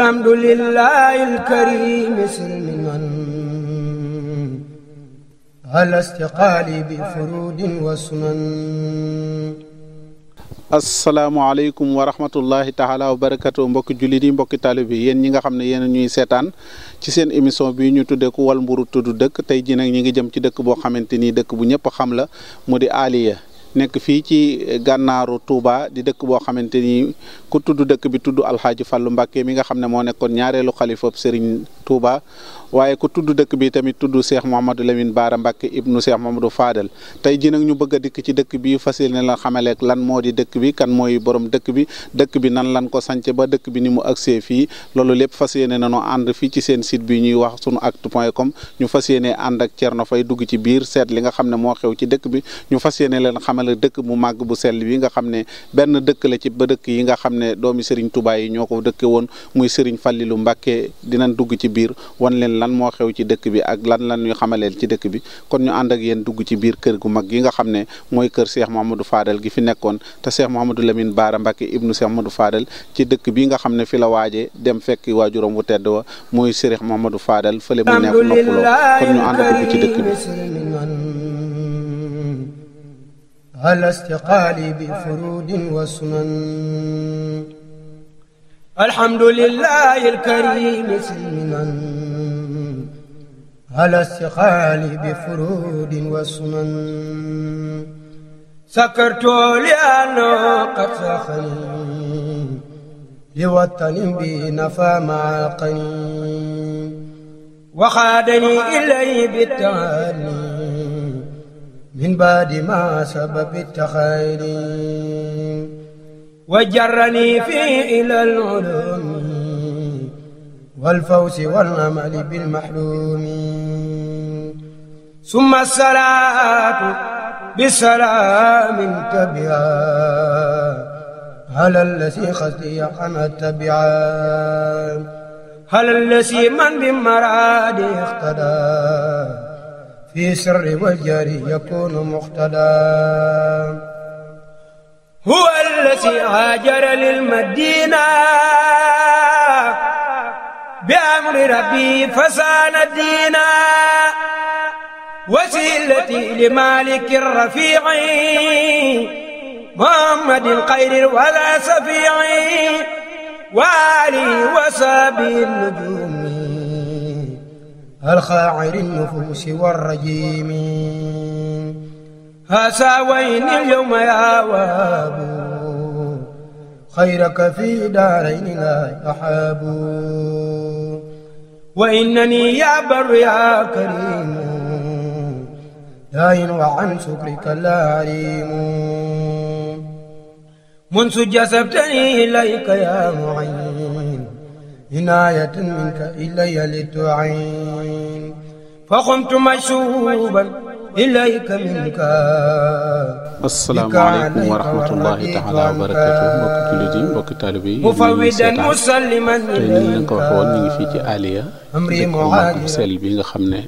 الحمد لله الكريم سلما على استقالي بفرود وسنن asalaamaaleykum wa mbokki jullit yi mbokki taalibe bi yéen ñi nga xam ne yéen ñuy seetaan ci seen émission bi ñu tuddee ku wal mburu tudd dëkk tey ji nag ñi ngi jëm ci dëkk boo xamante ni dëkk bu ñëpp xam la mu di Aliya nekk fii ci gànnaaru Touba di dëkk boo xamante ni ku tudd dëkk bi tudd Alxaaji Fàllu Mbàkke mi nga xam ne moo nekkoon ñaareelu xalifab Serigne Touba waaye ku tudd dëkk bi tamit tudd Cheikh Mouhamadou Lamine Bara Mbacke ibnu Cheikh Mouhamadou Fadal tey jii nag ñu bëgg a dikk ci dëkk bi fas yéene la xamaleek lan moo di dëkk bi kan mooy borom dëkk bi dëkk bi nan lan ko sance ba dëkk bi ni mu agsee fii loolu lépp fas yéene nanoo ànd fii ci seen site bi ñuy wax sunu actu point com ñu fa yéene ànd ak Thierno Faye dugg ci biir seet li nga xam ne moo xew ci dëkk bi ñu fas yéene leen xamale dëkk bu màgg bu sell bi nga xam ne benn dëkk la ci ba dëkk yi nga xam ne doomi Serigne tubaay yi ñoo ko dëkke woon muy Serigne Fallilou Mbacke biir wan leen lan moo xew ci dëkk bi ak lan lan ñu xamaleel ci dëkk bi kon ñu ànd ak yéen dugg ci biir kër gu mag gi nga xam ne mooy kër Cheikh Mouhamadou Fadal gi fi nekkoon te Cheikh Mouhamadou Lamine Baara Mbacke ibnu Cheikh Mouhamadou Fadal ci dëkk bi nga xam ne fi la waajee dem fekk waajuram wu tedd wa mooy Cheikh Mouhamadou Fadal fële mu nekk noppaloo kon ñu ànd dugg ci dëkk bi. alhamdulilah alkarim siman ala stixaali bi furudin wa sunan sakartu liano qad saxani li watani bi nafa maaqani waxaadani ilay bi taani min baadi ma sabab taxaani وجرني فيه إلى العلوم والفوز والأمل بالمحلوم ثم الصلاة بسلام تبعا على الذي خزي عن التبعا على الذي من بمراد اقتدى في سر والجري يكون مقتدى هو الذي هاجر للمدينة بأمر ربي فسان الدين وسيلتي لمالك الرفيع محمد الخير ولا سفيع وآله وصحبه النجوم الخاعر النفوس والرجيم هسا وين اليوم يا وابو خيرك في داريننا أحاب وإنني يا بر يا كريم داين وعن شكرك لا عليم منذ جسبتني إليك يا معين عناية منك إلي لتعين فقمت مشوبا ilayka minka asalaamaaleykum wa rahmatullahi mbokki jullit mbokki taalibe yi mufawidan musalliman tey ni leen ko waxee woon ñu ngi fii ci Aliya dëkk bu mag bu sell bi nga xam ne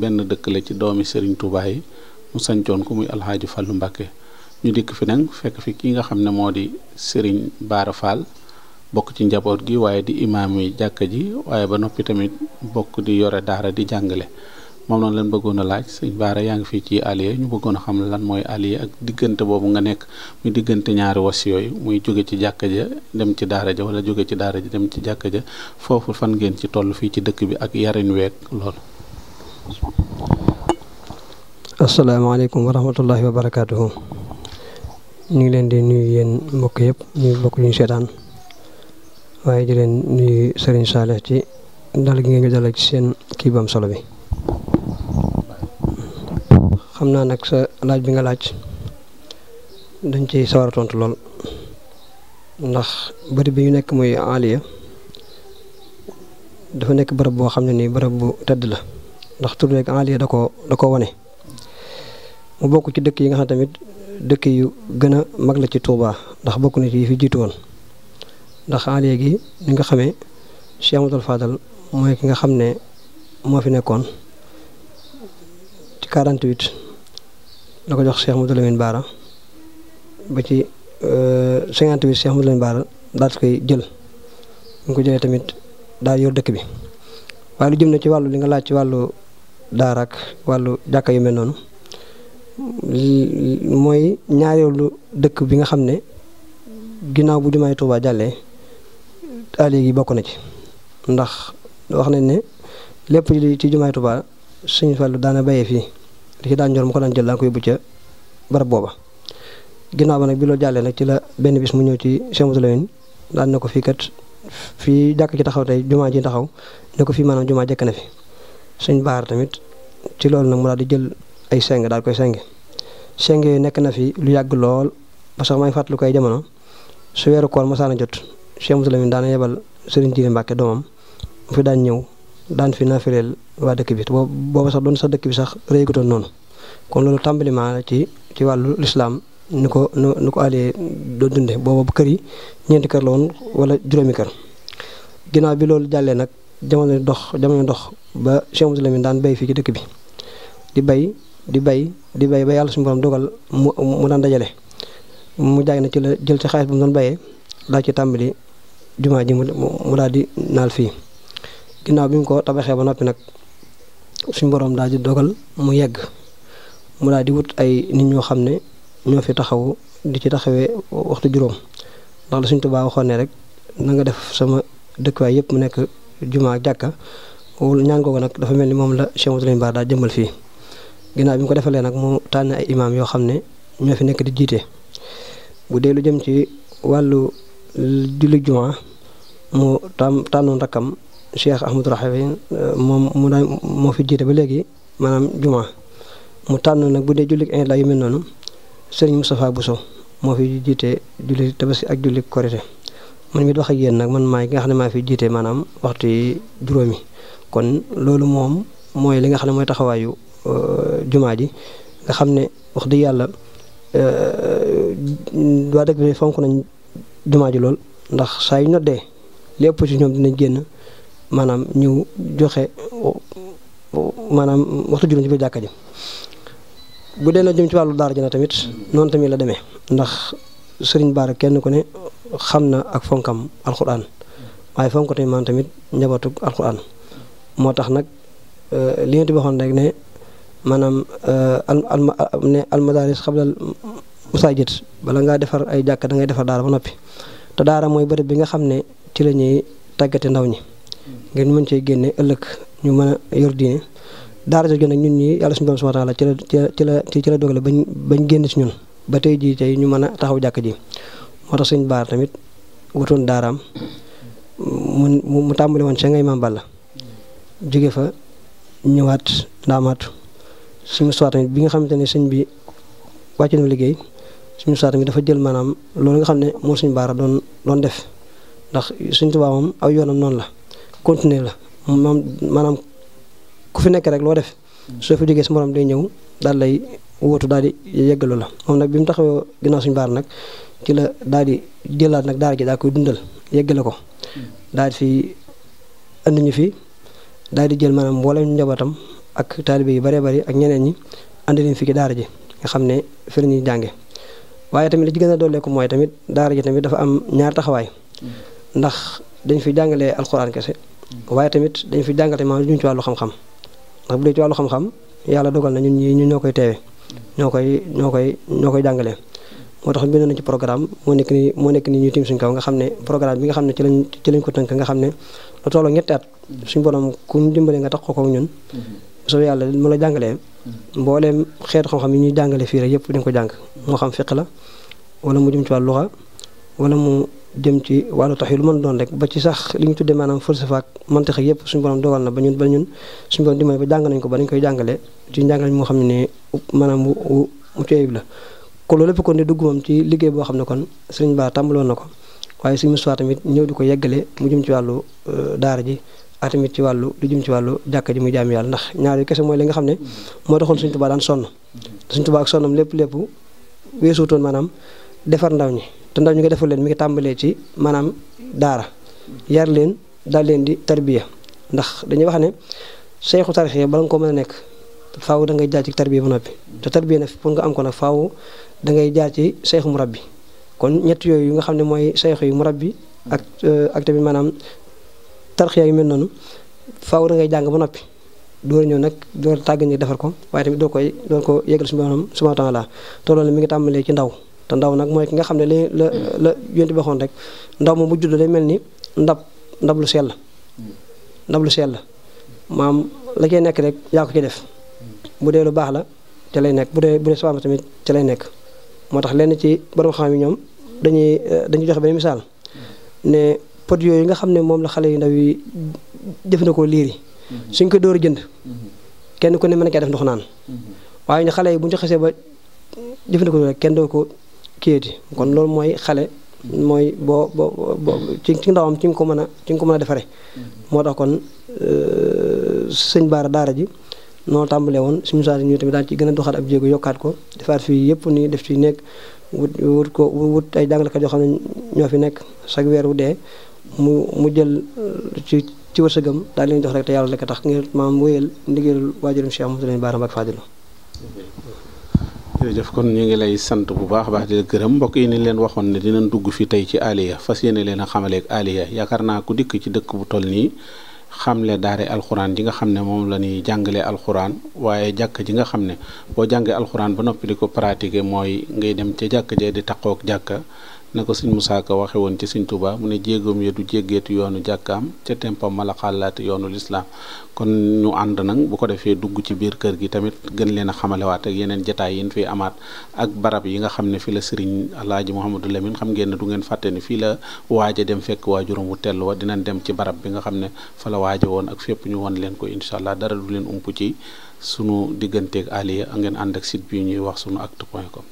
benn dëkk la ci doomi sëriñ Touba yi mu sancoon ko muy Alxaaji Fallu Mbàkke ñu dikk fi nag fekk fi ki nga xam ne moo di sëriñ Bara Fall bokk ci njaboot gi waaye di imaam yi jàkka ji waaye ba noppi tamit bokk di yore daara di jàngale moom noonu leen bëggoon a laaj sëñ Baara yaa ngi fii ci aliye ñu bëggoon a xam lan mooy yi ak diggante boobu nga nekk ñu diggante ñaari was yooyu muy jóge ci jàkka ja dem ci daara ja wala jóge ci daara ja dem ci jàkka ja foofu fan ngeen ci toll fii ci dëkk bi ak yarin week lool asalaamaaleykum wa rahmatullahi wa ngi leen di nuyu yéen mbokk yëpp ñu bokk ñu seetaan waaye di leen nuyu ci dal gi ngeen ñu ci seen kii bu solo bi xam naa nag sa laaj bi nga laaj dañ ciy sawar tontu lool ndax bërëb bi ñu nekk muy Aliya dafa nekk bërëb boo xam ne nii bërëb bu tedd la ndax tur beeg Aliya da koo da koo wane. mu bokk ci dëkk yi nga xam tamit dëkk yu gën a mag la ci Touba ndax bokk na ci fi jiitu woon ndax Aliya gi ni nga xamee Cheikh Amadou Fadal mooy ki nga xam ne moo fi nekkoon ci 48. la ko jox Cheikh Modou Lamine baara ba ci euh, cinquante bi Cheikh Modou Lamine Bara daal koy jël ñu ko jëlee tamit daal yor dëkk bi waaye lu jëm na ci wàllu li nga laaj ci wàllu daara ak wàllu jàkka yu mel noonu mooy ñaareelu dëkk bi nga xam ne ginnaaw bu jumaay Tuubaa jàllee taalibe bokk na ci ndax wax nañ ne lépp li ci jumaay Tuubaa Sëñ Fallu daana bayee fii li ci daan ñor mu ko daan jël daan ko yóbbu ca barab booba ginnaaw ba nag bi loolu jàllee nag ci la benn bis mu ñëw ci Cheikh Moussa Lamine daan na ko fii kat fii jàkk ci taxaw tey jumaa ji taxaw ne ko fii maanaam jumaa jëkk na fi suñ baar tamit ci loolu nag mu daal di jël ay seng daal koy seng seng yooyu nekk na fi lu yàgg lool ba sax may fàttaliku jamono su weeru koor masaana jot Cheikh Moussa Lamine daan na yebal Serigne Jili Mbàkke doomam mu fi daan ñëw daan fi naafileel waa dëkk bi booba sax doon sax dëkk bi sax réygutoon noonu kon loolu tàmbaliment la ci ci wàllu lislaam ni ko ni ko alee doo dunde booba kër yi ñeenti kër la woon wala juróomi kër ginnaaw bi loolu jàllee nag jamono dox jamono dox ba Cheikh Moussa daan bay fii ci dëkk bi di bay di bay di bay ba yàlla suñu dogal mu mu mu jaag na ci la jël ci xaalis bu mu doon bayee daa ci tàmbali jumaa ji mu daal di naal fii ginnaaw bi mu ko tabaxee ba noppi nag suñ boroom daal di dogal mu yegg mu daal di wut ay nit ñoo xam ne ñoo fi taxaw di ci taxawee waxtu juróom ndax la suñ Tuubaa waxoon ne rek na nga def sama dëkkuwaay yëpp mu nekk jumaa ak jàkka wala ñaan googu nag dafa mel ni moom la Cheikh Moussa Lamine Bara daal jëmmal fii ginnaaw bi mu ko defalee nag mu tànn ay imaam yoo xam ne ñoo fi nekk di jiite bu dee lu jëm ci wàllu julli jumaa mu tànn tànnoon Cheikh Ahmadou Rakhim euh, moom mu daan moo fi jiite ba léegi maanaam juma mu tànn nag bu dee julli ay la yu mel noonu sëriñ bu Bousso moo fi jiite julli tabaski ak julli korite man mi di wax a yéen nag man maay ki nga xam ne maa fi jiite maanaam waxtu yi juróomi kon loolu moom mooy li nga xam ne mooy taxawaayu euh, jumaa ji nga xam ne wax dëgg yàlla euh, waa dëkk bi fonk nañ jumaa ji lool ndax saa yu noddee lépp ci ñoom dinañ génn. maanaam ñu joxe maanaam waxtu juróom ci biir jàkka ji bu dee na jëm ci wàllu daara ji na tamit noonu tamit la demee ndax sëriñ baar kenn ku ne xam na ak fonkam alxuraan waaye fonk tamit man tamit njabootug alxuraan moo tax nag euh, li nga ti waxoon ne maanaam euh, ne almadaris xablal musaajid bala ngaa defar ay jàkk da ngay defar daara ba noppi te daara mooy bërëb bi nga xam ne ci la ñuy tàggate ndaw ñi ngeen mën cee génne ëllëg ñu mën a yor diine daara jooju nag ñun ñii yàlla suñu borom subhanahu wa taala ci la ci la ci la dogale bañ bañ génn ci ñun ba tey jii tey ñu mën a taxaw jàkk ji moo tax suñ baar tamit wutoon daaraam mu mu tàmbali woon ca ngay jóge fa ñëwaat ndaamaatu suñu soir tamit bi nga xamante ne sëñ bi wàcc na liggéey suñu soir tamit dafa jël maanaam loolu nga xam ne moo suñu baara doon doon def ndax suñ tubaab moom aw yoonam noonu la continuer la moom maanaam ku fi nekk rek loo def soo fi jógee si morom day ñëw daal lay wóotu daal di yeggalu la moom nag bi mu taxawoo ginnaaw suñu baar nag ci la daal di jëlaat nag daara ji daal koy dundal yeggale ko di fi andi ñu fi daal jël maanaam mboolem njabootam ak taalibe yu bare bëri ak ñeneen ñi andi leen fi ci daara ji nga xam ne fi la ñuy jànge waaye tamit li ci gën a dooleeku mooy tamit daara ji tamit dafa am ñaar taxawaay ndax dañ fi jàngalee alxuraan kese waaye tamit dañ fi jàngate maanaam lu ñu ci wàllu xam-xam ndax bu dee ci wàllu xam-xam yàlla dogal na ñun ñii ñun ñoo koy teewe ñoo koy ñoo koy ñoo koy jàngalee moo tax bind nañ ci programme moo nekk ni moo nekk ni ñu tiim suñ kaw nga xam ne programme bi nga xam ne ci lañ ci lañ ko tënk nga xam ne lu tolloo ñetti at suñ borom ku ñu dimbale nga tax ko kook ñun mm-hmm. soo yàlla mu la jàngalee mm-hmm. mbooleem xeetu xam-xam yi ñuy jàngale fii rek yëpp dañ ko jàng moo xam fiq la wala mu jëm ci wàllu jëm ci wàllu tax yi lu mën doon rek ba ci sax li ñu tuddee maanaam falsafa ak mantiq yëpp suñu borom dogal na ba ñun ba ñun suñu borom dimbali ba jàng nañ ko ba koy jàngale ci njàngale moo xam ne maanaam wu mu ci la ko loolu lépp kon di dugg moom ci liggéey boo xam ne kon sëriñ Ba tàmbaloon na ko waaye suñu Moussa tamit ñëw di ko yeggale mu jëm ci wàllu euh, daara ji ak ci wàllu lu jëm ci wàllu jàkka ji muy jaam yàlla ndax ñaar yu kese mooy li nga xam ne moo taxoon suñ Tuubaa daan sonn suñ Tuubaa ak sonnam lépp lépp weesuutoon maanaam defar ndaw ñi te ndaw ñi nga defar leen mu ngi tàmbalee ci maanaam daara yar leen daal leen di tarbiya ndax dañuy wax ne seexu tarxiya bala nga ko mën a nekk faaw da ngay jaar ci tarbiya ba noppi te tarbiya nag pour nga am ko nag faaw da ngay jaar ci seexu murabbi kon ñetti yooyu yi nga xam ne mooy seexu yu bi ak euh, ak bi maanaam tarxiya yu mel noonu faaw da ngay jàng ba noppi door ñëw nag door tàgg ñi defar ko waaye tamit doo koy doo ko yeggal su ma subhaanahu wa taala te mi ngi tàmbalee ci ndaw te ndaw nag mooy ki nga xam ne la la yonent bi waxoon rek ndaw moom bu judd lay mel ni ndab ndab lu la ndab lu la maam la koy nekk rek yaa ko ci def bu dee lu baax la ca lay nekk bu dee bu dee sawaama tamit ca lay nekk moo tax lenn ci borom xam yi ñoom dañuy eh, dañuy joxe benn misaal ne pot yooyu nga xam ne moom la xale yi ndaw yi jëfandikoo liir yi suñ ko door a jënd kenn ku ne mën na koy def ndox naan mm-hmm. waaye ñu xale yi bu ñu xasee ba jëfandikoo rek kenn doo ko kéeti kon loolu mooy xale mooy boo boo ci ci ndawam ci nga ko mën a ci nga ko mën a defaree. Mm-hmm. moo tax kon euh, sëñ Baara daara ji noonu tàmbalee woon suñu saa ñu tamit daal ci gën a doxaat ab jéego yokkaat ko defaat fii yëpp nii def ci nekk wut wut ko wut ay jàngalekat yoo xam ne ñoo fi nekk chaque weer wu dee mu mu jël euh, ci ci wërsëgam daal leen jox rek te yàlla rek tax ngir maam wéyal ndigal waajurum Cheikh Mouhamadou Lamine ak Mbacké Fadilou mm-hmm. jërëjëf kon ñu ngi lay sant bu baax a baax di la gërëm mbokk yi ni leen waxoon ne dinañ dugg fi tey ci aliya fas yéene leen a xamaleeg aliya yaakaar naa ku dikk ci dëkk bu toll nii xamle daare alxuraan ji nga xam ne moom la ñuy jàngalee alxuraan waaye jàkk ji nga xam ne boo jàngee alxuraan ba noppi di ko pratiquer mooy ngay dem ca jàkk jee di taqoog jàkka na ko sëñ Musaa Ka waxe woon ci sëñ mu ne jéegoom ya du jéggeetu yoonu jàkkaam ca tempam mala xàllaate yoonu lislaam kon ñu ànd nag bu ko defee dugg ci biir kër gi tamit gën leen a xamalewaat ak yeneen jataay yi fi amaat ak barab yi nga xam ne fi la sëriñ Alaaji Mouhamadou Lamine xam ngeen ne du ngeen fàtte ni fii la waaja dem fekk waajuram wu tellu wa dinañ dem ci barab bi nga xam ne fa la waaja woon ak fépp ñu won leen ko incha allah dara du leen ump ci sunu digganteeg Aliya ngeen ànd ak site bi ñuy wax sunu actu point com.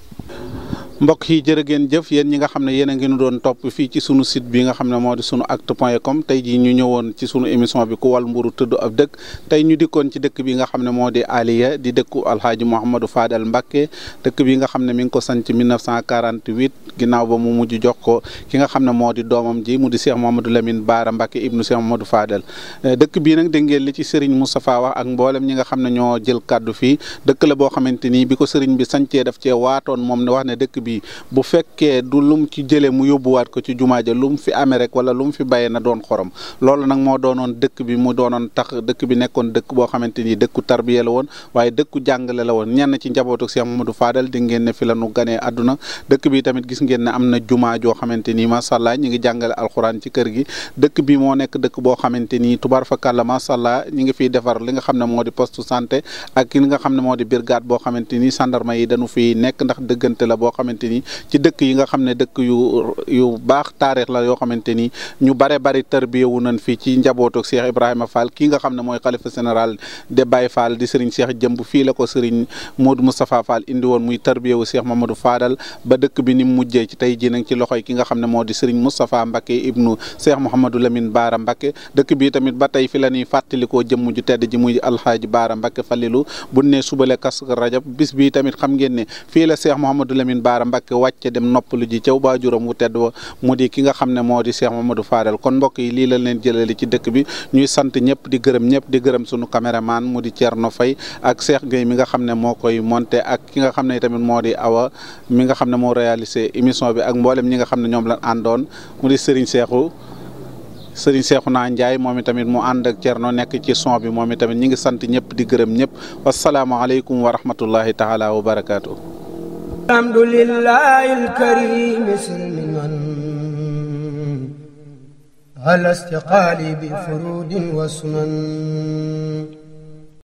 mbokk yi jërë ngeen jëf yéen ñi nga xam ne yéen a ngi nu doon topp fii ci sunu site bi nga xam ne moo di sunu actu point com tey jii ñu ñëwoon ci sunu émission bi ku wal mburu tudd ab dëkk tey ñu dikkoon ci dëkk bi nga xam ne moo di Aliya di dëkku Alxaaji Mouhamadou Fadal Mbacké dëkk bi nga xam ne mi ngi ko sanc 1948 ginnaaw ba mu mujj jox ko ki nga xam ne moo di doomam ji mu di Cheikh Mouhamadou Lamine Baara Mbacké ibnu Cheikh Mouhamadou Fadal dëkk bii nag dégg ngeen li ci moo jël kàddu fii dëkk la boo xamante ni bi ko sëriñ bi sancee daf cee waatoon moom ne wax ne dëkk bi bu fekkee du lum ci jëlee mu yóbbuwaat ko ci jumaa ja lu mu fi amee rek wala lu mu fi bàyyee na doon xorom loolu nag moo doonoon dëkk bi mu doonoon tax dëkk bi nekkoon dëkk boo xamante ni dëkku tarbiya la woon waaye dëkku jàngale la woon ñenn ci njabootu Cheikh Mamadou Fadal di ngeen ne fi la ganee àdduna dëkk bi tamit gis ngeen ne am na jumaa joo xamante ni masàllaa ñi ngi jàngale alxuraan ci kër gi dëkk bi moo nekk dëkk boo xamante ni tubaar fakàlla masàllaa ñi ngi ak li nga xam ne moo di brigade boo xamante ni gendarme yi dañu fi nekk ndax dëggante la boo xamante ni ci dëkk yi nga xam ne dëkk yu yu baax taarix la yoo xamante ni ñu bare bari tarbiyewu nañ fii ci njabootu Cheikh Ibrahima Fall kii nga xam ne mooy xalifa général de Baye Fall di Serigne Cheikh Jëmb fii la ko Serigne Modou Moustapha Fall indi woon muy tarbiyewu Cheikh Mamadou Fadal ba dëkk bi ni mu mujjee ci tey jii nag ci loxoy ki nga xam ne moo di Serigne Moustapha Mbacke ibnu Cheikh Mouhamadou Lamine Baara Mbacke dëkk bi tamit ba tey fi xallilu bu ne suba la rajab bis bi tamit xam ngeen ne fii la seex Mouhamadou Lamine Baara Mbacke wàcce dem noppalu ji ca waajuram wu tedd wa mu di ki nga xam ne moo di seex Mouhamadou Fadal kon mbokk yi lii la leen jëlali ci dëkk bi ñuy sant ñëpp di gërëm ñëpp di gërëm sunu caméraman mu di Thierno Faye ak Cheikh Gueye mi nga xam ne moo koy monte ak ki nga xam ne tamit moo di awa mi nga xam ne moo réalisé émission bi ak mboolem ñi nga xam ne ñoom la àndoon sëriñ naa Njaay moom itamit mu ànd ak Cerno nekk ci son bi moom itamit ñu ngi sant ñëpp di gërëm ñëpp wasalaamaaleykum wa rahmatullahi taala wa barakaatu. alhamdulillahi alkarim salman ala istiqaali bi furudin wa sunan